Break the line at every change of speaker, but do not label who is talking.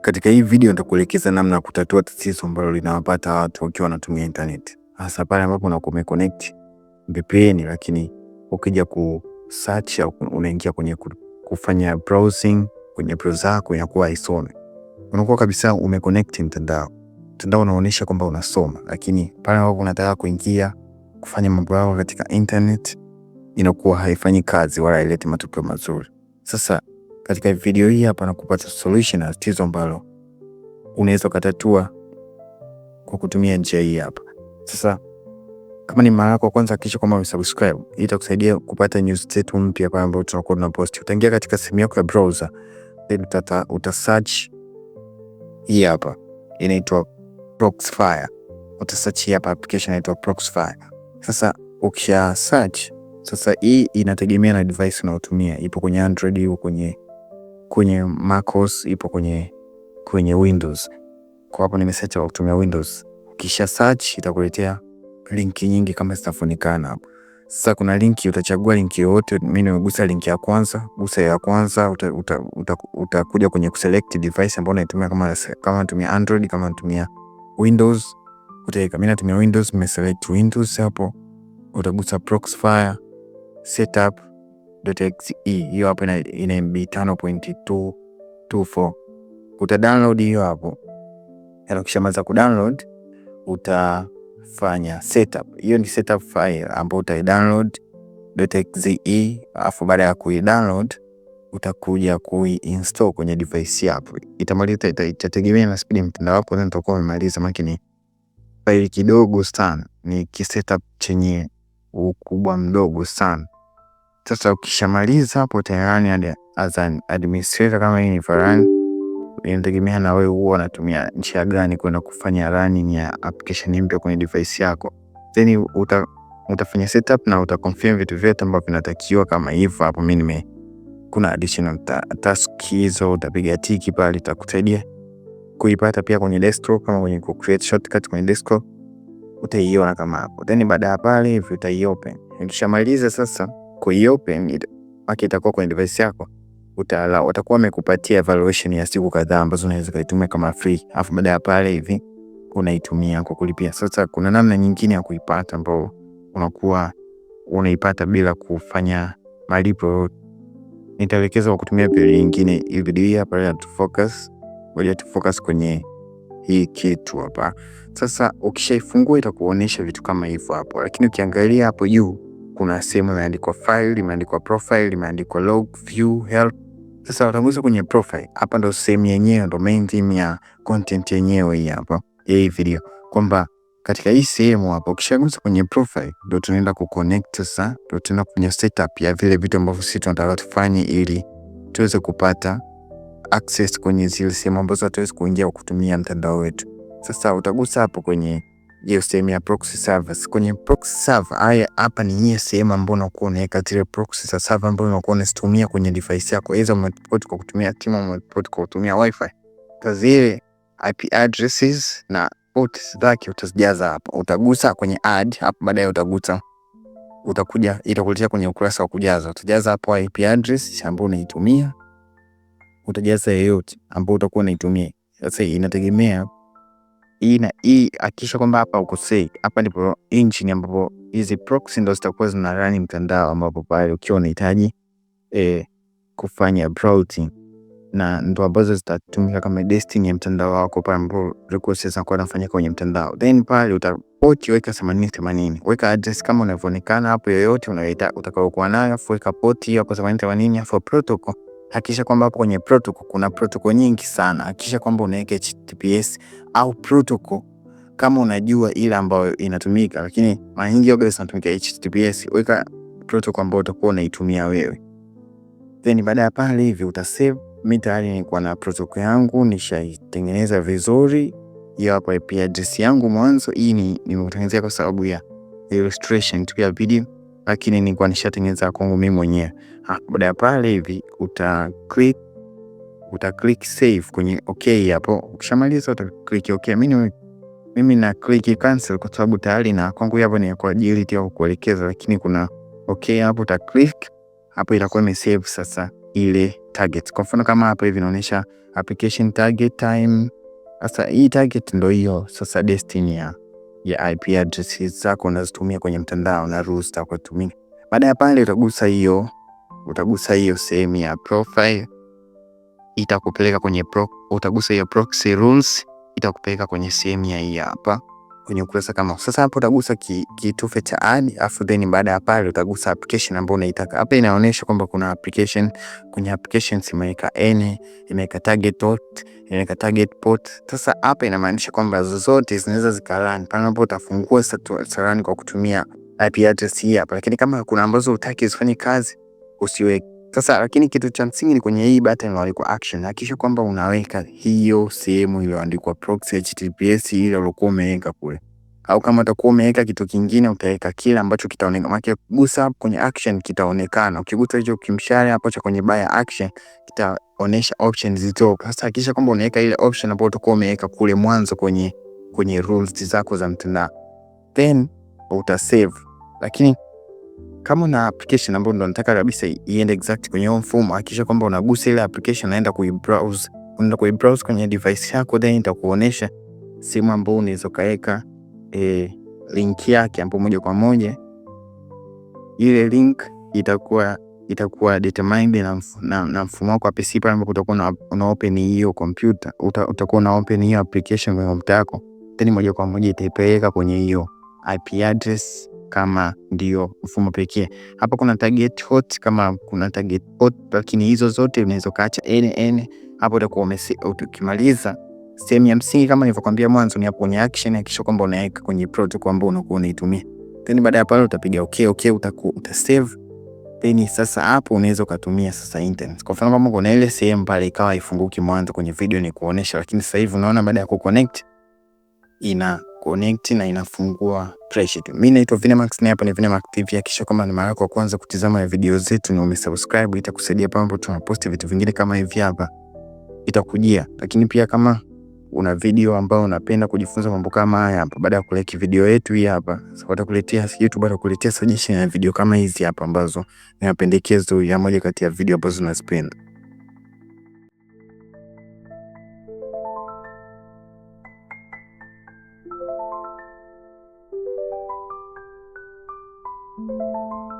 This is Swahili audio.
Katika hii video nitakuelekeza namna ya kutatua tatizo ambalo linawapata watu wakiwa wanatumia internet, hasa pale ambapo unakuwa umeconnect VPN, lakini ukija ku search au unaingia kwenye kufanya browsing kwenye browser yako inakuwa haisome. Unakuwa kabisa umeconnect mtandao, mtandao unaonyesha kwamba unasoma, lakini pale ambapo unataka kuingia kufanya mambo yako katika internet inakuwa haifanyi kazi wala haileti matokeo mazuri. Sasa katika video hii hapa na kupata solution na tatizo ambalo unaweza ukatatua kwa kutumia njia hii hapa. Sasa kama ni mara yako ya kwanza, hakikisha kwamba umesubscribe. Hii itakusaidia kupata news zetu mpya pale ambapo tunakuwa tuna post. Utaingia katika simu yako ya browser, then utata uta search hii hapa inaitwa Proxfire. Uta search hii hapa application inaitwa Proxfire. Sasa ukisha search, sasa hii inategemea na device unayotumia, ipo kwenye Android, ipo kwenye kwenye macOS, ipo kwenye, kwenye Windows. Kwa hapo nimesearch kwa kutumia Windows. Ukisha search itakuletea linki nyingi kama zitafunikana hapo. Sasa kuna linki, utachagua linki yoyote. Mimi nimegusa linki ya kwanza. Gusa ya kwanza, utakuja uta, uta, uta kwenye kuselect device ambayo unaitumia kama kama unatumia Android, kama natumia Windows utaweka. Mimi natumia Windows, nimeselect Windows hapo. Utagusa Proxfire setup .exe hiyo hapo ina, ina MB 5.224 uta download hiyo hapo, na ukishamaliza ku download utafanya setup. Hiyo ni setup file ambayo uta download .exe, afu baada ya ku download utakuja install kwenye device yako. Itamaliza, itategemea na speed mtandao wako, then utakuwa umemaliza, lakini file kidogo sana, ni kisetup chenye ukubwa mdogo sana. Sasa ukishamaliza hapo tayari as an administrator, kama hii ni run, inategemea na wewe huwa unatumia njia gani kwenda kufanya running ya application mpya kwenye device yako, then uta, utafanya setup na uta confirm vitu vyote ambavyo vinatakiwa kama hivyo hapo. Mimi nime kuna additional ta, task hizo utapiga tiki pale, itakusaidia kuipata pia kwenye desktop, kama kwenye ku create shortcut kwenye desktop utaiona kama hapo, then baada ya pale hivi utai open ukishamaliza sasa kuiopen maki itakuwa kwenye device yako, utala watakuwa wamekupatia evaluation ya siku kadhaa ambazo unaweza kuitumia kama free, afu baada ya pale hivi unaitumia kwa kulipia. Sasa kuna namna nyingine ya kuipata ambao unakuwa unaipata bila kufanya malipo. Nitawekeza kwa kutumia pili nyingine ili video hapa tu focus, ngoja tu kwenye hii kitu hapa. Sasa ukishaifungua itakuonyesha vitu kama hivyo hapo, lakini ukiangalia hapo juu kuna sehemu imeandikwa file, imeandikwa profile, imeandikwa log, view, help. Sasa utagusa kwenye profile, hapa ndo sehemu yenyewe, ndo main theme ya content yenyewe hii hapa ya hii video, kwamba katika hii sehemu hapa ukishagusa kwenye profile ndo tunaenda kuconnect sasa, ndo tunaenda kwenye setup ya vile vitu ambavyo sisi tunataka tufanye ili tuweze kupata access kwenye zile sehemu ambazo hatuwezi kuingia kutumia mtandao wetu. Sasa utagusa hapo kwenye hiyo sehemu ya proxy servers. Kwenye proxy server haya hapa ni hiyo sehemu ambayo unakuwa unaweka zile proxy za server ambayo unakuwa unazitumia kwenye device yako, aidha umeport kwa kutumia TIM au umeport kwa kutumia wifi. Zile IP addresses na port zake utazijaza hapa, utagusa kwenye add hapo, baadaye utagusa utakuja itakuletea kwenye ukurasa wa kujaza, utajaza hapo IP address ambayo unaitumia, utajaza yoyote ambayo utakuwa unaitumia. Sasa inategemea hii na hii, hakikisha kwamba hapa ukosei. Hapa ndipo engine ambapo hizi proxy ndo zitakuwa zina run mtandao, ambapo pale ukiwa unahitaji eh, kufanya browsing na ndo ambazo zitatumika kama destiny ya mtandao wako, pale ambapo request zinakuwa zinafanyika kwenye mtandao, then pale utapoti weka 80 80, weka address kama unavyoonekana hapo yoyote unayoita utakayokuwa nayo, afu weka poti hiyo hapo 80 80, afu protocol hakikisha kwamba hapo kwenye protocol kuna protocol nyingi sana. Hakikisha kwamba unaweka HTTPS au protocol kama unajua ile ambayo inatumika, lakini mara nyingi yoga zinatumika HTTPS. Weka protocol ambayo utakuwa unaitumia wewe, then baada ya pale hivi utasave. Mimi tayari nilikuwa na protocol yangu nishaitengeneza vizuri. Hiyo hapo IP address yangu mwanzo, hii ni nimetengenezea kwa sababu ya illustration tu ya video lakini nilikuwa nishatengeneza kwangu mimi mwenyewe. Ah, baada ya pale hivi uta click uta click save kwenye okay hapo. Ukishamaliza uta click okay. Mimi mimi na click cancel kwa sababu tayari na kwangu hapo ni kwa ajili ya kukuelekeza, lakini kuna okay hapo uta click hapo, itakuwa ime save sasa ile target. Kwa mfano kama hapa hivi inaonyesha application target time. Sasa hii target ndio hiyo sasa destiny ya ya IP addresses zako unazotumia kwenye mtandao na rules zitakotumia. Baada ya pale, utagusa hiyo utagusa hiyo sehemu ya profile itakupeleka kwenye pro, utagusa hiyo proxy rules itakupeleka kwenye sehemu ya hii hapa kwenye ukurasa kama sasa. Hapo utagusa kitufe ki cha add, afu then baada ya pale utagusa application ambayo unaitaka. Hapa inaonyesha kwamba kuna application, kwenye applications imeweka n, imeweka target port, imeweka target port. Sasa hapa inamaanisha kwamba zozote zinaweza zikarun pale ambapo utafungua sarani kwa kutumia IP address hii hapa, lakini kama kuna ambazo utaki zifanye kazi usiweke sasa lakini kitu cha msingi ni kwenye hii button iliyoandikwa action, hakikisha kwamba unaweka hiyo sehemu iliyoandikwa proxy https ile uliokuwa umeweka kule, au kama utakuwa umeweka kitu kingine utaweka kile ambacho kitaonekana. Maana ukigusa hapo kwenye action kitaonekana, ukigusa hicho kimshale hapo cha kwenye buy action kitaonesha options zitoka. Sasa hakikisha kwamba unaweka ile option ambayo utakuwa umeweka kule mwanzo kwenye kwenye rules zako za mtandao, then uta save lakini kama una application ambayo ndo nataka kabisa iende exact kwenye huo mfumo, hakikisha kwamba unagusa ile application, naenda kuibrowse, unaenda kuibrowse kwenye device yako, then itakuonesha simu ambayo unaweza kaweka e, link yake ambapo moja kwa moja ile link itakuwa itakuwa determined na, na, na mfumo wako wa PC pale ambapo utakuwa una, una open hiyo computer uta, utakuwa una open hiyo application kwenye kompyuta yako, then moja kwa moja itaipeleka kwenye hiyo IP address kama ndio mfumo pekee. Hapa kuna target hot, kama kuna target hot, lakini hizo zote unaweza kaacha nn hapo, utakuwa ukimaliza sehemu ya msingi kama nilivyokuambia mwanzo, ni hapo kwenye action, hakisha kwamba unaweka kwenye protocol ambao unakuwa unaitumia, then baada ya pale utapiga okay okay, utaku, uta save then sasa hapo unaweza ukatumia sasa internet. Kwa mfano kama kuna ile sehemu pale ikawa ifunguki mwanzo kwenye video ni kuonesha, lakini sasa hivi unaona baada ya kuconnect ina connect na inafungua pressure tu. Mimi naitwa Vinemax na hapa ni Vinemax TV. Hakikisha kama ni mara yako ya kwanza kutizama ya video zetu na umesubscribe, itakusaidia pambo tunaposti vitu vingine kama hivi hapa itakujia. Lakini pia kama una video ambayo unapenda kujifunza mambo kama haya hapa, baada ya kulike video yetu hii hapa, watakuletea YouTube atakuletea suggestion ya video kama hizi hapa ambazo ni mapendekezo ya moja kati ya video ambazo unazipenda. Thank you.